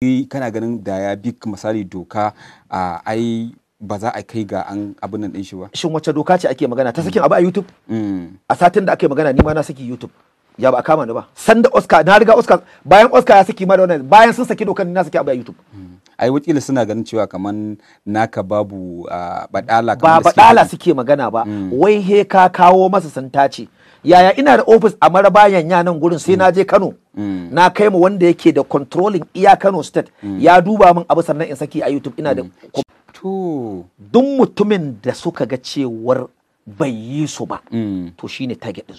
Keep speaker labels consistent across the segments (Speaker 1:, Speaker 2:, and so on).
Speaker 1: Eh, kana ganin da ya bi misali doka a ai ba za a kai ga an abin nan din shi ba shin wacce doka ce ake magana ta sakin mm. abu a YouTube mm. a satin da ake magana ni ma na saki YouTube ya ba a kama ni ba sanda Oscar na riga Oscar bayan Oscar ya saki ma da wannan bayan sun saki dokan na saki abu a YouTube mm. ai wakilin suna ganin cewa kaman naka babu badala ba badala suke magana ba wai he ka kawo masa santace yaya ina da ofis a maraba yanya nan gurin sai mm. na je Kano mm. na kai mu wanda yake da controlling iya Kano state mm. ya duba min abu sannan in saki a YouTube ina da to duk mutumin da suka ga cewar bai yi su ba to shine target din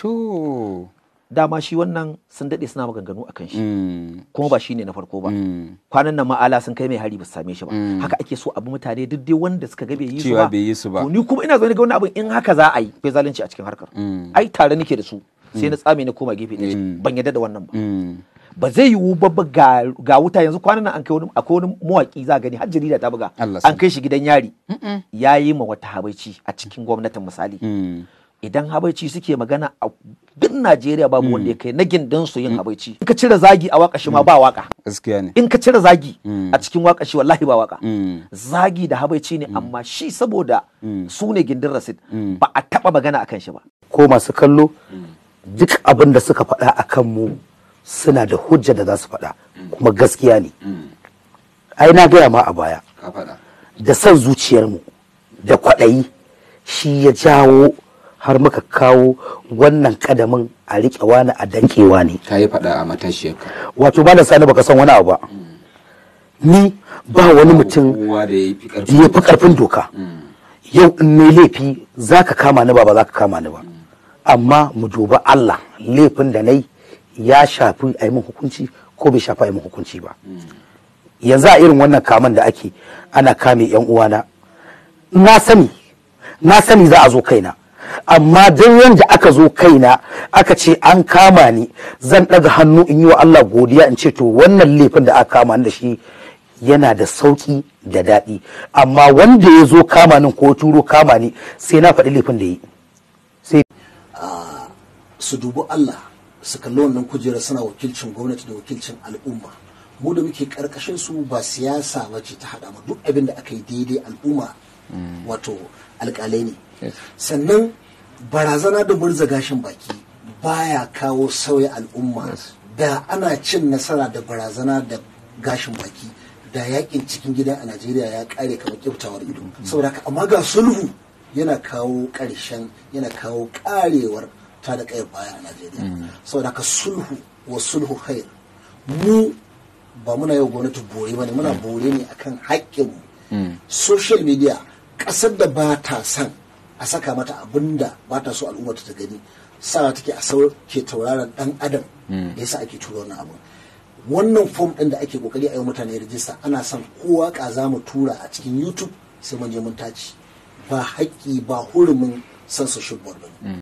Speaker 1: su dama shi wannan sun daɗe suna maganganu a kan shi mm. kuma ba shi ne na farko ba mm. kwanan nan ma'ala sun kai mai hari ba su same shi ba mm. haka ake so abu mutane duk dai wanda suka ga bai yi su ba ni kuma ina zaune ga wani abu in haka za a yi bai zalunci a cikin harkar ai tare nake da su sai na tsame na koma gefe ɗaya ban yadda da wannan ba ba zai yiwu ba ga wuta yanzu kwanan nan an kai wani akwai wani mawaki za gani har jarida ta buga an kai shi gidan yari ya yi ma wata habaici a cikin gwamnatin misali idan habaici suke magana a duk Najeriya babu hmm. wanda ya kai na gindin su yin hmm. habaici in ka cire zagi a wakashi ma ba hmm. waka gaskiya ne in ka cire zagi a cikin wakashi wallahi ba waka zagi da habaici ne amma shi saboda su ne gindin rasid ba a taba magana akan shi ba
Speaker 2: ko masu kallo duk abin da suka faɗa akan mu suna da hujja da za su faɗa kuma gaskiya ne ai na gaya ma a baya da son zuciyarmu da kwaɗayi shi ya jawo har muka kawo wannan kadamin a riƙewa wani a dankewa ne ka yi faɗa a matashiyar wato ba da sani baka san wani abu ba ni ba wani mutum da ya fi ƙarfin doka mm. yau in ne laifi za ka kama ni ba ba za ka kama ni ba mm. amma mu duba Allah laifin da na ya shafi a yi hukunci ko bai shafi a yi hukunci ba mm. yanzu a irin wannan kaman da ake ana kame yan uwana na sani na sani za a zo kaina amma dan yanda aka zo kaina aka ce an kama ni zan ɗaga hannu in yi wa Allah godiya in ce to wannan laifin da aka kama ni da shi yana da sauki da daɗi amma wanda ya zo kama ni ko turo kama ni sai na faɗi laifin da yi sai ah, su
Speaker 3: dubi Allah su kalli wannan kujera suna wakilcin gwamnati da wakilcin al'umma mu da muke karkashin su ba siyasa wace ta hada mu duk abin da aka yi daidai al'umma mm. wato alƙalai ne sannan barazana da murza gashin baki baya kawo sauya al'umma da ana cin nasara da barazana da gashin baki da yakin cikin gida a najeriya ya kare kamar kyautawar ido saboda haka amma ga sulhu yana kawo ƙarshen yana kawo karewar ta da kai baya a najeriya mm. saboda haka sulhu wa sulhu khair mu ba muna yau gwamnati bore ba ne muna mm. bore ne akan mu. Mm. social media ƙasar da ba ta san a saka mata abin da ba ta so al'umma ta gani sawa take a sauke tauraron dan adam hmm. da yasa ake tura wannan abu wannan fom din da ake kokari a yi mutane rijista ana son kowa ka za mu tura a cikin youtube sai mun je mun tace ba haƙƙi ba hurumin censorship board hmm.